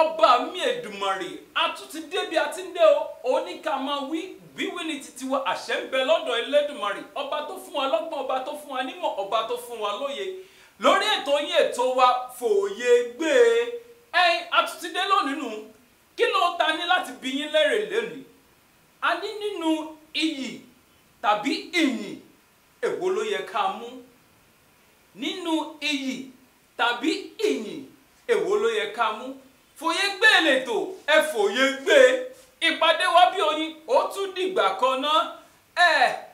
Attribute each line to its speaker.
Speaker 1: ọba mi Èdùmàrè a tún ti dé o oníkà máa wí wíwí ni titi wa àṣẹ ń bẹ lọ́dọ̀ Elédùmarè ọba tó fún wa lọ́gbọ́n ọba tó fún wa nímọ̀ ọba tó fún wa lóye lórí ètò yín ètò wa fòye gbé e ẹyin a tún ti dé lónìí nù kí ló ta ní láti bi yín lérè lónìí a ní nínú iyì tàbí ìyìn èwo ló yẹ ká mú nínú iyì tàbí ìyìn èwo ló yẹ ká mú fòye gbé lètò ẹ fòye gbé ìpàdé wa bí oyin ó tún dìgbà kan náà ẹ. Eh,